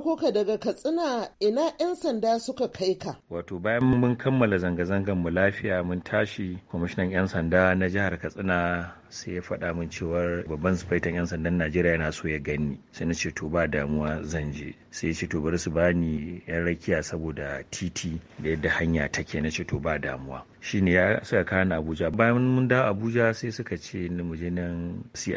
ɗauko ka daga Katsina ina 'yan sanda suka kai ka. Wato bayan mun kammala zanga-zangar mu lafiya mun tashi kwamishinan 'yan sanda na jihar Katsina sai ya faɗa min cewa babban sufaitan 'yan sandan najeriya yana so ya gani sai na ce to ba damuwa zan je sai ya ce to bari su bani yan rakiya saboda titi da yadda hanya take na ce to ba damuwa shin ya suka ni abuja bayan mun da abuja sai suka ce mu je nan cid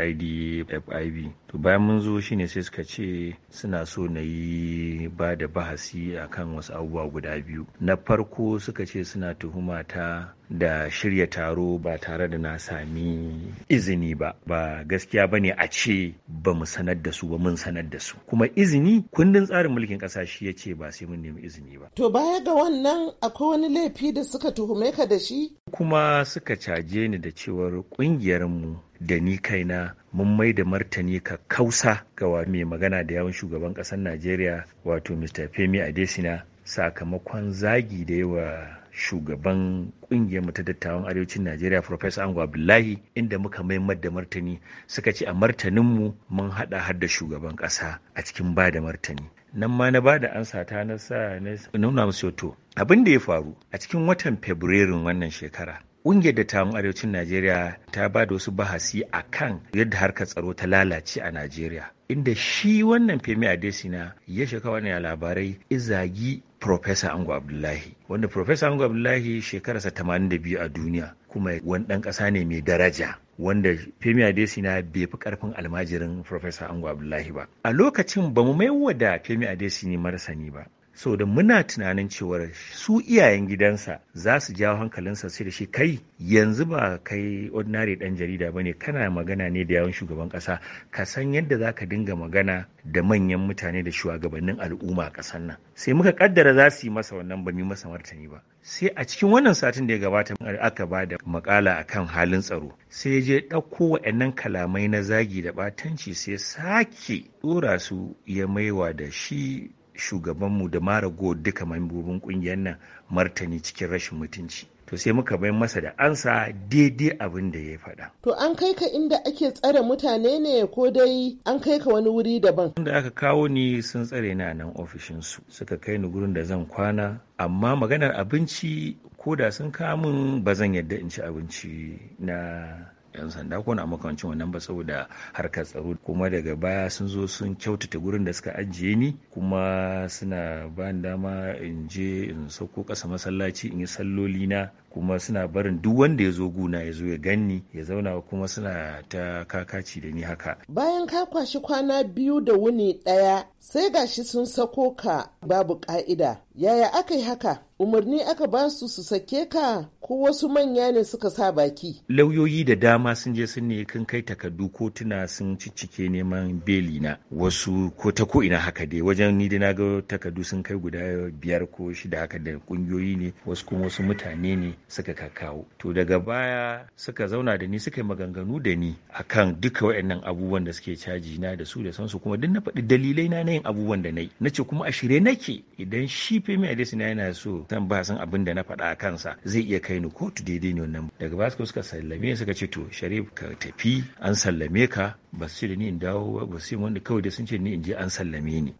fib to bayan mun zo shine sai suka ce suna so na yi ba da bahasi a kan wasu abubuwa guda biyu na farko suka ce suna tuhuma ta da shirya taro ba tare da na sami izini ba ba gaskiya bane a ce ba mu sanar da su ba mun sanar da su kuma izini kundin tsarin mulkin ƙasa shi ya ce ba sai mun nemi izini ba to baya ga wannan akwai wani laifi da suka tuhume ka da shi kuma suka caje ni da cewar ƙungiyarmu da ni kaina mun mai da martani ka kausa ga mai magana da yawon shugaban ƙasar najeriya wato mr femi adesina sakamakon zagi da yawa shugaban kungiyar ta dattawan arewacin najeriya professor ango abdullahi inda muka maimar da martani suka ce a martaninmu mun haɗa har da shugaban ƙasa a cikin ba da martani nan ma na ba da ansa ta na sa na nuna musu to abin da ya faru a cikin watan fabrairun wannan shekara ƙungiyar da tamu arewacin najeriya ta ba da wasu bahasi a kan yadda harkar tsaro ta lalace a najeriya inda shi wannan femi adesina ya shaka wani labarai izagi Profesa Ango Abdullahi wanda Profesa Ango Abdullahi shekararsa 82 a duniya kuma wani ɗan ƙasa ne mai daraja wanda Femi Adesina bai fi karfin almajirin Professor Ango Abdullahi ba. A lokacin ba mu mai da Femi Adesina marasani ba. so da muna tunanin cewar su iyayen gidansa za su jawo hankalinsa sai da shi kai yanzu ba kai ordinary dan jarida bane kana magana ne da yawon shugaban kasa ka san yadda za ka dinga magana da manyan mutane da shugabannin al'umma a kasan nan sai muka kaddara za su yi masa wannan ba mu masa martani ba sai a cikin wannan satin da ya gabata aka ba da makala akan halin tsaro sai je ɗauko waɗannan kalamai na zagi da ɓatanci sai sake ɗora su ya maiwa da shi shugabanmu da mara go duka mambobin kungiyar nan martani cikin rashin mutunci to sai muka bai masa da ansa daidai abin da ya faɗa. To an kai ka inda ake tsare mutane ne ko dai an kai ka wani wuri daban. Inda aka kawo ni sun tsare ni a nan ofishinsu suka kai ni gurin da zan kwana amma maganar abinci ko da sun kamun ba zan yadda in ci abinci na 'yan sanda ko na makamancin wannan ba saboda harkar tsaro kuma daga baya sun zo sun kyautata gurin da suka ajiye ni kuma suna ba ni dama in je in sauko kasa masallaci in yi salloli na kuma suna barin duk wanda ya zo guna ya zo ya ganni ya zauna kuma suna ta kakaci da ni haka. Bayan ka kwashi kwana biyu da wuni ɗaya sai gashi sun sako ka babu ƙa'ida. yaya aka yi haka umarni aka ba su su sake ka ko wasu manya ne suka sa baki lauyoyi da dama sun je sun ne kan kai takardu tuna sun ciccike neman beli na wasu ko ta ko ina haka dai wajen ni da ga takardu sun kai guda biyar ko shida haka da kungiyoyi ne wasu kuma wasu mutane ne suka kakawo to daga baya suka zauna da ni suka yi maganganu da ni akan duka waɗannan abubuwan da suke caji na da su da sansu kuma duk na faɗi dalilai na na yin abubuwan da na yi na ce kuma a shirye nake idan shi mai adesi na yana so zan ba san abin da na faɗa a kansa zai iya kai ni kotu daidai ne wannan daga basko suka sallame suka ce to sharif ka tafi an sallame ka ba su ce da ni in dawo ba su ce wanda kawai da sun ce ni in je an sallame ni